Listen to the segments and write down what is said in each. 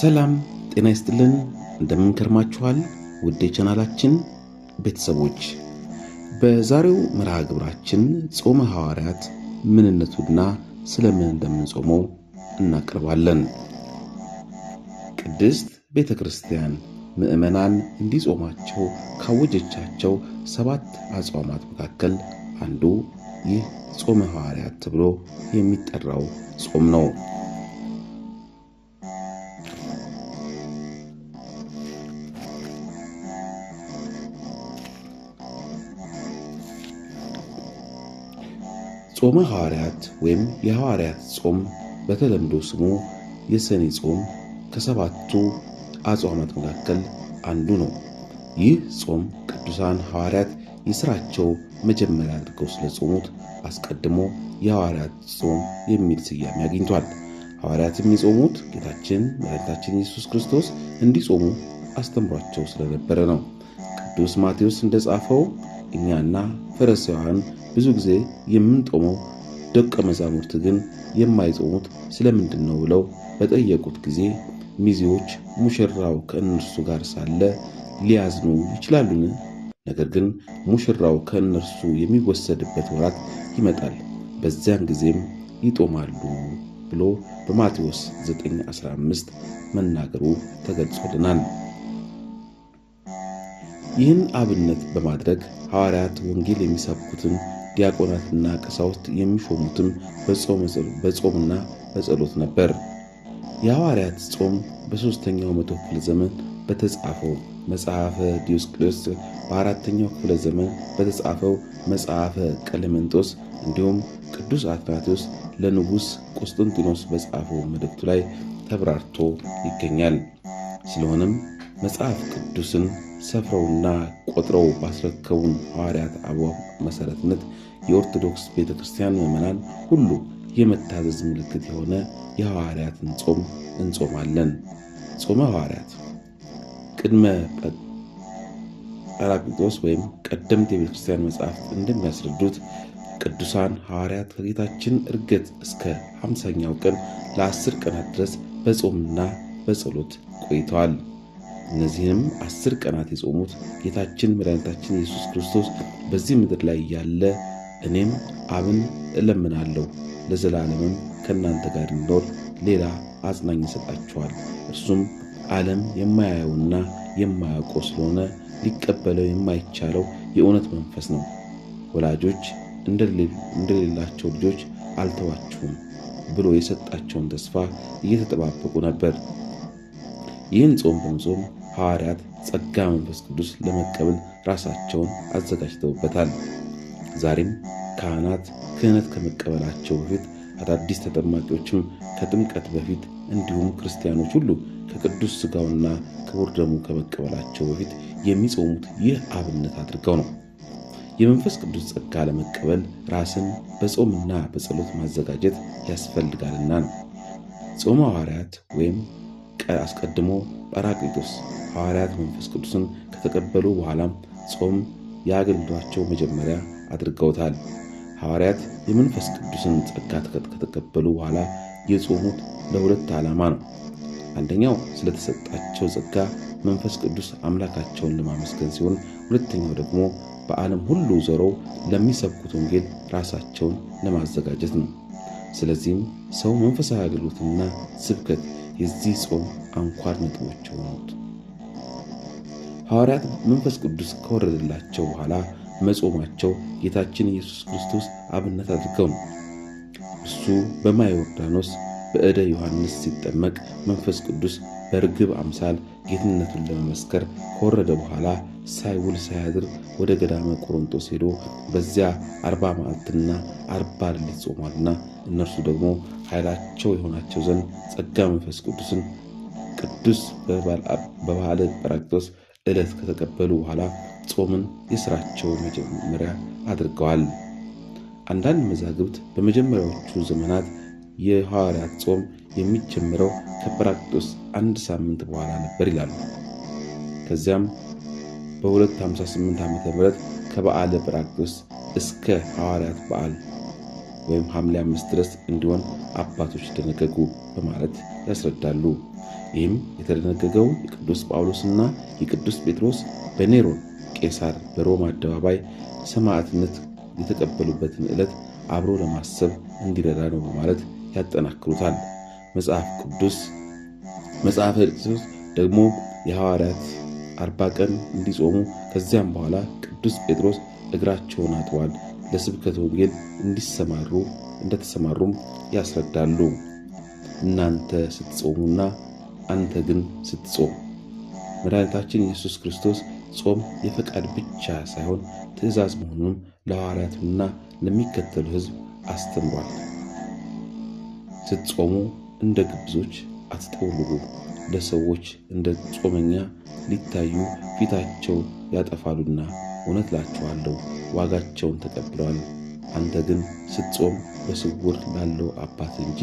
ሰላም ጤና ይስጥልን። እንደምንከርማችኋል ውድ የቻናላችን ቤተሰቦች በዛሬው መርሃ ግብራችን ጾመ ሐዋርያት ምንነቱና ስለምን እንደምንጾመው እናቀርባለን። ቅድስት ቤተ ክርስቲያን ምዕመናን እንዲጾማቸው ካወጀቻቸው ሰባት አጽዋማት መካከል አንዱ ይህ ጾመ ሐዋርያት ተብሎ የሚጠራው ጾም ነው። ጾመ ሐዋርያት ወይም የሐዋርያት ጾም በተለምዶ ስሙ የሰኔ ጾም ከሰባቱ አጽዋማት መካከል አንዱ ነው። ይህ ጾም ቅዱሳን ሐዋርያት የሥራቸው መጀመሪያ አድርገው ስለጾሙት አስቀድሞ የሐዋርያት ጾም የሚል ስያሜ አግኝቷል። ሐዋርያት የሚጾሙት ጌታችን መድኃኒታችን ኢየሱስ ክርስቶስ እንዲጾሙ አስተምሯቸው ስለነበረ ነው። ቅዱስ ማቴዎስ እንደጻፈው እኛና ፈሪሳውያን ብዙ ጊዜ የምንጦመው ደቀ መዛሙርት ግን የማይጾሙት ስለምንድን ነው ብለው በጠየቁት ጊዜ ሚዜዎች ሙሽራው ከእነርሱ ጋር ሳለ ሊያዝኑ ይችላሉን? ነገር ግን ሙሽራው ከእነርሱ የሚወሰድበት ወራት ይመጣል፣ በዚያን ጊዜም ይጦማሉ ብሎ በማቴዎስ 9:15 መናገሩ ተገልጾልናል። ይህን አብነት በማድረግ ሐዋርያት ወንጌል የሚሰብኩትን ዲያቆናትና ቀሳውስት የሚሾሙትም በጾምና በጸሎት ነበር። የሐዋርያት ጾም በሦስተኛው መቶ ክፍለ ዘመን በተጻፈው መጽሐፈ ዲዮስቅልስ በአራተኛው ክፍለ ዘመን በተጻፈው መጽሐፈ ቀለመንጦስ እንዲሁም ቅዱስ አትናቴዎስ ለንጉሥ ቆስጠንጢኖስ በጻፈው መልእክቱ ላይ ተብራርቶ ይገኛል። ስለሆነም መጽሐፍ ቅዱስን ሰፍረውና ቆጥረው ባስረከቡን ሐዋርያት አበው መሠረትነት የኦርቶዶክስ ቤተ ክርስቲያን ምዕመናን ሁሉ የመታዘዝ ምልክት የሆነ የሐዋርያትን ጾም እንጾማለን። ጾመ ሐዋርያት ቅድመ ጰራቅሊጦስ ወይም ቀደምት የቤተ ክርስቲያን መጽሐፍት እንደሚያስረዱት ቅዱሳን ሐዋርያት ከጌታችን እርገት እስከ ሃምሳኛው ቀን ለአስር ቀናት ድረስ በጾምና በጸሎት ቆይተዋል። እነዚህም አስር ቀናት የጾሙት ጌታችን መድኃኒታችን ኢየሱስ ክርስቶስ በዚህ ምድር ላይ ያለ እኔም አብን እለምናለሁ ለዘላለምም ከእናንተ ጋር እንዲኖር ሌላ አጽናኝ ይሰጣችኋል። እርሱም ዓለም የማያየውና የማያውቀው ስለሆነ ሊቀበለው የማይቻለው የእውነት መንፈስ ነው። ወላጆች እንደሌላቸው ልጆች አልተዋችሁም ብሎ የሰጣቸውን ተስፋ እየተጠባበቁ ነበር። ይህን ጾም በመጾም ሐዋርያት ጸጋ መንፈስ ቅዱስ ለመቀበል ራሳቸውን አዘጋጅተውበታል። ዛሬም ካህናት ክህነት ከመቀበላቸው በፊት አዳዲስ ተጠማቂዎችም ከጥምቀት በፊት እንዲሁም ክርስቲያኖች ሁሉ ከቅዱስ ስጋውና ክቡር ደሙ ከመቀበላቸው በፊት የሚጾሙት ይህ አብነት አድርገው ነው። የመንፈስ ቅዱስ ጸጋ ለመቀበል ራስን በጾምና በጸሎት ማዘጋጀት ያስፈልጋልና ነው። ጾመ ሐዋርያት ወይም አስቀድሞ ጳራቅሊጦስ ሐዋርያት መንፈስ ቅዱስን ከተቀበሉ በኋላም ጾም የአገልግሏቸው መጀመሪያ አድርገውታል። ሐዋርያት የመንፈስ ቅዱስን ጸጋ ከተቀበሉ በኋላ የጾሙት ለሁለት ዓላማ ነው። አንደኛው ስለተሰጣቸው ጸጋ መንፈስ ቅዱስ አምላካቸውን ለማመስገን ሲሆን፣ ሁለተኛው ደግሞ በዓለም ሁሉ ዞረው ለሚሰብኩት ወንጌል ራሳቸውን ለማዘጋጀት ነው። ስለዚህም ሰው መንፈሳዊ አገልግሎትና ስብከት የዚህ ጾም አንኳር ነጥቦች ሆኑት ሐዋርያት መንፈስ ቅዱስ ከወረደላቸው በኋላ መጾማቸው ጌታችን ኢየሱስ ክርስቶስ አብነት አድርገው ነው። እሱ በማየ ዮርዳኖስ በዕደ ዮሐንስ ሲጠመቅ መንፈስ ቅዱስ በርግብ አምሳል ጌትነቱን ለመመስከር ከወረደ በኋላ ሳይውል ሳያድር ወደ ገዳመ ቆሮንጦስ ሄዶ በዚያ አርባ መዓልትና አርባ ሌሊት ጾሟልና እነርሱ ደግሞ ኃይላቸው የሆናቸው ዘንድ ጸጋ መንፈስ ቅዱስን ቅዱስ በበዓለ ጰራቅሊጦስ ዕለት ከተቀበሉ በኋላ ጾምን የሥራቸው መጀመሪያ አድርገዋል። አንዳንድ መዛግብት በመጀመሪያዎቹ ዘመናት የሐዋርያት ጾም የሚጀምረው ከጰራቅሊጦስ አንድ ሳምንት በኋላ ነበር ይላሉ። ከዚያም በ258 ዓ ም ከበዓለ ጰራቅሊጦስ እስከ ሐዋርያት በዓል ወይም ሐምሌ አምስት ድረስ እንዲሆን አባቶች ደነገጉ በማለት ያስረዳሉ። ይህም የተደነገገው የቅዱስ ጳውሎስና የቅዱስ ጴጥሮስ በኔሮን ቄሳር በሮማ አደባባይ ሰማዕትነት የተቀበሉበትን ዕለት አብሮ ለማሰብ እንዲረዳ ነው በማለት ያጠናክሩታል። መጽሐፍ ቅዱስ መጽሐፈ ቅዱስ ደግሞ የሐዋርያት አርባ ቀን እንዲጾሙ ከዚያም በኋላ ቅዱስ ጴጥሮስ እግራቸውን አጥቧል ለስብከት ወንጌል እንዲሰማሩ እንደተሰማሩም ያስረዳሉ። እናንተ ስትጾሙና አንተ ግን ስትጾም መድኃኒታችን ኢየሱስ ክርስቶስ ጾም የፈቃድ ብቻ ሳይሆን ትእዛዝ መሆኑንም ለሐዋርያቱና ለሚከተሉ ህዝብ አስተምሯል። ስትጾሙ እንደ ግብዞች አትጠውልጉ። ለሰዎች እንደ ጾመኛ ሊታዩ ፊታቸው ያጠፋሉና እውነት እላችኋለሁ ዋጋቸውን ተቀብለዋል። አንተ ግን ስትጾም በስውር ላለው አባት እንጂ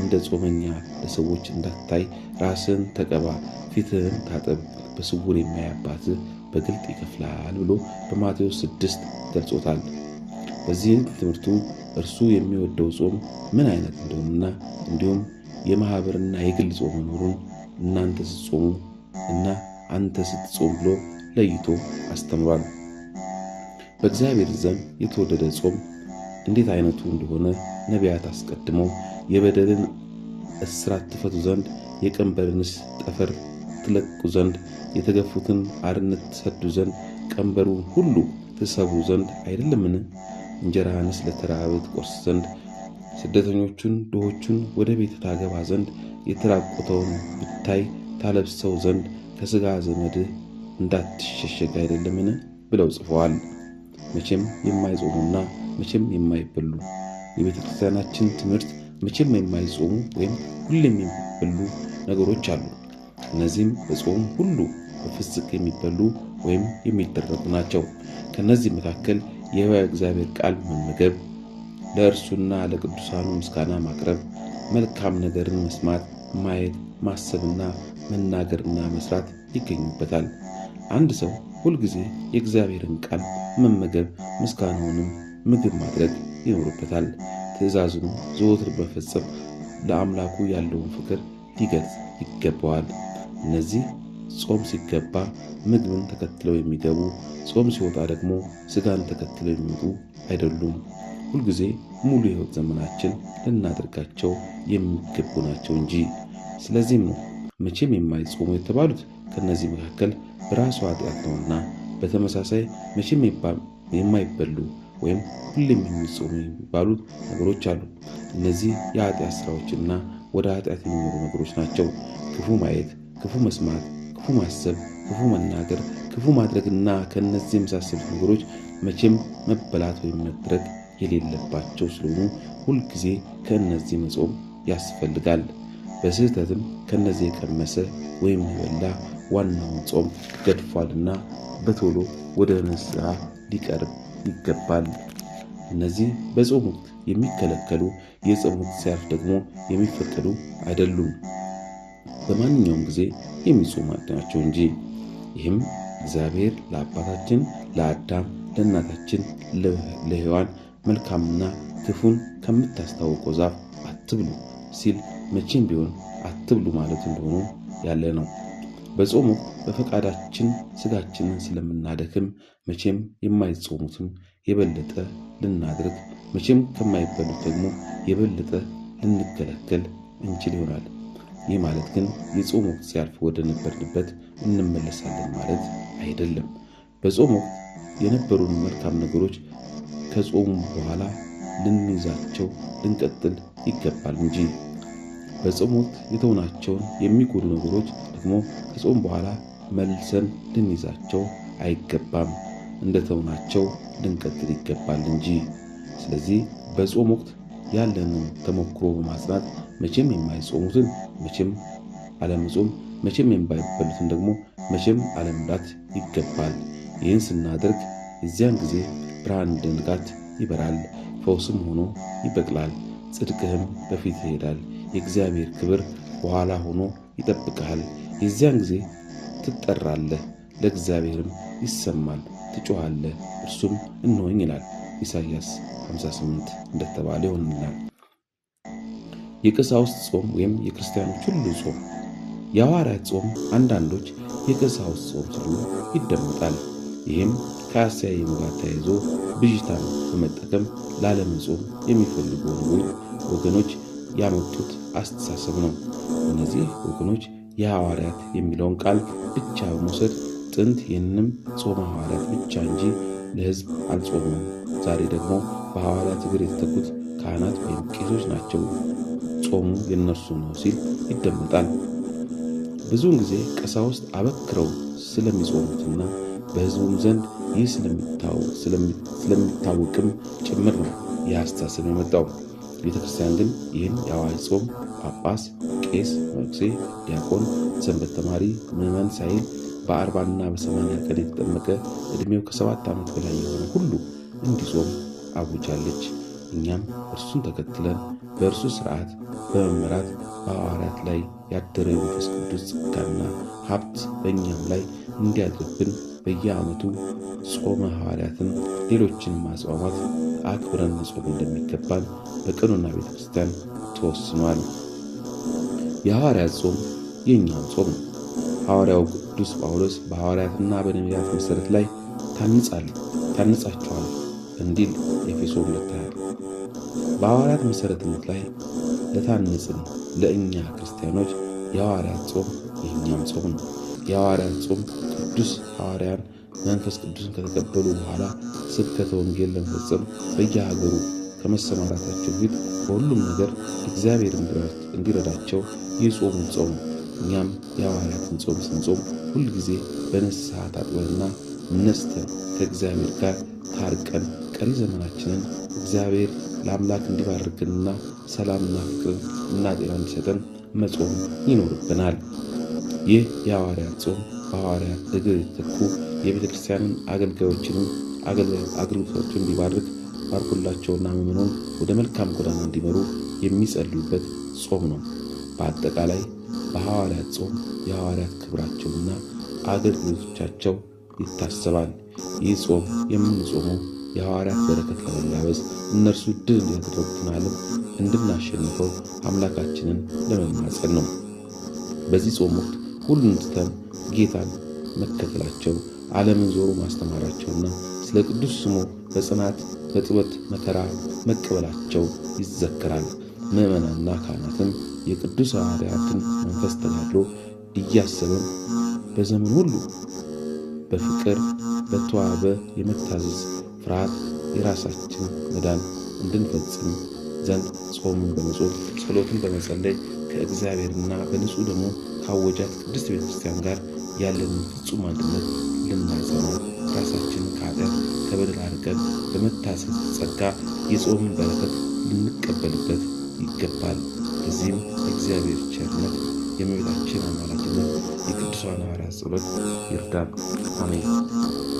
እንደ ጾመኛ ለሰዎች እንዳታይ ራስን ተቀባ፣ ፊትህን ታጠብ፣ በስውር የማያባት በግልጥ ይከፍላል ብሎ በማቴዎስ ስድስት ገልጾታል። በዚህም ትምህርቱ እርሱ የሚወደው ጾም ምን አይነት እንደሆነና እንዲሁም የማኅበርና የግል ጾም መኖሩን እናንተ ስትጾሙ እና አንተ ስትጾም ብሎ ለይቶ አስተምሯል። በእግዚአብሔር ዘንድ የተወደደ ጾም እንዴት አይነቱ እንደሆነ ነቢያት አስቀድመው የበደልን እስራት ትፈቱ ዘንድ የቀንበርንስ ጠፈር ትለቁ ዘንድ የተገፉትን አርነት ትሰዱ ዘንድ ቀንበሩን ሁሉ ትሰቡ ዘንድ አይደለምን? እንጀራህንስ ለተራበ ትቆርስ ዘንድ ስደተኞቹን ድሆቹን ወደ ቤት ታገባ ዘንድ የተራቆተውን ብታይ ታለብሰው ዘንድ ከሥጋ ዘመድህ እንዳትሸሸግ አይደለምን ብለው ጽፈዋል። መቼም የማይጾሙና መቼም የማይበሉ የቤተ ክርስቲያናችን ትምህርት መቼም የማይጾሙ ወይም ሁሌም የሚበሉ ነገሮች አሉ። እነዚህም በጾም ሁሉ በፍስክ የሚበሉ ወይም የሚደረጉ ናቸው። ከእነዚህ መካከል የሕያው እግዚአብሔር ቃል መመገብ፣ ለእርሱና ለቅዱሳኑ ምስጋና ማቅረብ፣ መልካም ነገርን መስማት ማየት፣ ማሰብና መናገርና መስራት ይገኙበታል። አንድ ሰው ሁልጊዜ የእግዚአብሔርን ቃል መመገብ፣ ምስጋናውንም ምግብ ማድረግ ይኖርበታል። ትእዛዙን ዘወትር በፈጸም ለአምላኩ ያለውን ፍቅር ሊገልጽ ይገባዋል። እነዚህ ጾም ሲገባ ምግብን ተከትለው የሚገቡ ጾም ሲወጣ ደግሞ ስጋን ተከትለው የሚወጡ አይደሉም። ሁልጊዜ ሙሉ የሕይወት ዘመናችን ልናደርጋቸው የሚገቡ ናቸው እንጂ ስለዚህም ነው መቼም የማይጾሙ የተባሉት ከእነዚህ መካከል በራሱ ኃጢአት ነውና፣ በተመሳሳይ መቼም የማይበሉ ወይም ሁሌም የሚጾሙ የሚባሉ ነገሮች አሉ። እነዚህ የኃጢአት ስራዎችና ወደ ኃጢአት የሚመሩ ነገሮች ናቸው። ክፉ ማየት፣ ክፉ መስማት፣ ክፉ ማሰብ፣ ክፉ መናገር፣ ክፉ ማድረግና ከእነዚህ የመሳሰሉት ነገሮች መቼም መበላት ወይም መድረግ የሌለባቸው ስለሆኑ ሁልጊዜ ከእነዚህ መጾም ያስፈልጋል። በስህተትም ከነዚህ የቀመሰ ወይም የበላ ዋናውን ጾም ገድፏልና በቶሎ ወደ ንስሐ ሊቀርብ ይገባል። እነዚህ በጾም ወቅት የሚከለከሉ የጾም ወቅት ሲያልፍ ደግሞ የሚፈቀዱ አይደሉም። በማንኛውም ጊዜ የሚጾሙ ናቸው እንጂ ይህም እግዚአብሔር ለአባታችን ለአዳም ለእናታችን ለሔዋን መልካምና ክፉን ከምታስታውቀው ዛፍ አትብሉ ሲል መቼም ቢሆን አትብሉ ማለት እንደሆነ ያለ ነው። በጾም ወቅት በፈቃዳችን ስጋችንን ስለምናደክም መቼም የማይጾሙትን የበለጠ ልናድርግ፣ መቼም ከማይበሉት ደግሞ የበለጠ ልንከለከል እንችል ይሆናል። ይህ ማለት ግን የጾም ወቅት ሲያልፍ ወደ ነበርንበት እንመለሳለን ማለት አይደለም። በጾም ወቅት የነበሩን መልካም ነገሮች ከጾሙ በኋላ ልንይዛቸው ልንቀጥል ይገባል እንጂ በጾም ወቅት የተውናቸውን የሚጎዱ ነገሮች ደግሞ ከጾም በኋላ መልሰን ልንይዛቸው አይገባም፣ እንደተውናቸው ልንቀጥል ይገባል እንጂ። ስለዚህ በጾም ወቅት ያለንን ተሞክሮ በማጽናት መቼም የማይጾሙትን መቼም አለመጾም፣ መቼም የማይበሉትን ደግሞ መቼም አለመብላት ይገባል። ይህን ስናደርግ የዚያን ጊዜ ብርሃን ድንጋት ይበራል፣ ፈውስም ሆኖ ይበቅላል፣ ጽድቅህም በፊት ይሄዳል። የእግዚአብሔር ክብር በኋላ ሆኖ ይጠብቀሃል። የዚያን ጊዜ ትጠራለህ፣ ለእግዚአብሔርም ይሰማል፣ ትጮኻለህ፣ እርሱም እነሆኝ ይላል። ኢሳይያስ 58 እንደተባለ ይሆንልናል። የቀሳውስት ጾም ወይም የክርስቲያኖች ሁሉ ጾም የሐዋርያት ጾም አንዳንዶች የቀሳውስት ጾም ሲሉ ይደመጣል። ይህም ከአስተያየም ጋር ተያይዞ ብዥታን በመጠቀም ላለመጾም የሚፈልጉ ወገኖች ያመጡት አስተሳሰብ ነው። እነዚህ ወገኖች የሐዋርያት የሚለውን ቃል ብቻ በመውሰድ ጥንት ይህንም ጾመ ሐዋርያት ብቻ እንጂ ለሕዝብ አልጾሙም። ዛሬ ደግሞ በሐዋርያት እግር የተተኩት ካህናት ወይም ቄሶች ናቸው፣ ጾሙ የነርሱ ነው ሲል ይደመጣል። ብዙውን ጊዜ ቀሳውስት አበክረው ስለሚጾሙትና በሕዝቡም ዘንድ ይህ ስለሚታወቅም ጭምር ነው ይህ አስተሳሰብ የመጣው። ቤተ ክርስቲያን ግን ይህን የአዋጅ ጾም ጳጳስ፣ ቄስ፣ መነኩሴ፣ ዲያቆን፣ ሰንበት ተማሪ፣ ምዕመን ሳይል በአርባና በሰማንያ ቀን የተጠመቀ ዕድሜው ከሰባት ዓመት በላይ የሆነ ሁሉ እንዲጾም አውጃለች። እኛም እርሱን ተከትለን በእርሱ ስርዓት በመመራት በሐዋርያት ላይ ያደረ የመንፈስ ቅዱስ ጸጋና ሀብት በእኛም ላይ እንዲያድርብን በየዓመቱ ጾመ ሐዋርያትን ሌሎችን ማጽዋማት አክብረን መጾም እንደሚገባን በቀኖና ቤተ ክርስቲያን ተወስኗል። የሐዋርያ ጾም የእኛም ጾም ነው። ሐዋርያው ቅዱስ ጳውሎስ በሐዋርያትና በነቢያት መሠረት ላይ ታንጻል ታንጻቸዋል እንዲል ኤፌሶ ሁለት በሐዋርያት መሠረትነት ላይ ለታንጽን ለእኛ ክርስቲያኖች የሐዋርያት ጾም የእኛም ጾም ነው። የሐዋርያት ጾም ቅዱስ ሐዋርያን መንፈስ ቅዱስን ከተቀበሉ በኋላ ስብከተ ወንጌል ለመፈጸም በየሀገሩ ከመሰማራታቸው ፊት በሁሉም ነገር እግዚአብሔር እንዲረዳቸው የጾሙን ጾም እኛም የሐዋርያትን ጾም ስንጾም ሁልጊዜ በንስሐ ታጥበንና ነስተን ከእግዚአብሔር ጋር ታርቀን ቀሪ ዘመናችንን እግዚአብሔር ለአምላክ እንዲባርክንና ሰላምና ፍቅርን እና ጤና እንዲሰጠን መጾም ይኖርብናል። ይህ የሐዋርያት ጾም በሐዋርያት እግር የተተኩ የቤተ ክርስቲያንን አገልጋዮችንም አገልግሎቶቹን እንዲባርክ ባርኩላቸውና ምዕመናን ወደ መልካም ጎዳና እንዲመሩ የሚጸልዩበት ጾም ነው። በአጠቃላይ በሐዋርያት ጾም የሐዋርያት ክብራቸውና አገልግሎቶቻቸው ይታሰባል። ይህ ጾም የምንጾመው የሐዋርያት በረከት ለመላበስ እነርሱ ድል ያደረጉትን ዓለም እንድናሸንፈው አምላካችንን ለመማፀን ነው። በዚህ ጾም ወቅት ሁሉን ትተን ጌታን መከተላቸው፣ ዓለምን ዞሮ ማስተማራቸውና ስለ ቅዱስ ስሙ በጽናት በጥበት መከራ መቀበላቸው ይዘከራል። ምዕመናና ካህናትም የቅዱስ ሐዋርያትን መንፈስ ተጋድሎ እያሰብን በዘመን ሁሉ በፍቅር በተዋበ የመታዘዝ ፍርሃት የራሳችን መዳን እንድንፈጽም ዘንድ ጾምን በመጾም ጸሎትን በመጸለይ ከእግዚአብሔርና በንጹሕ ደግሞ ካወጃት ቅድስት ቤተክርስቲያን ጋር ያለን ፍጹም አንድነት ልናጸናው ራሳችን ከኃጢአት ከበደል አርቀን በመታሰብ ጸጋ የጾምን በረከት ልንቀበልበት ይገባል። በዚህም እግዚአብሔር ቸርነት የእመቤታችን አማላጅነት የቅዱሳን ሐዋርያት ጸሎት ይርዳል። አሜን።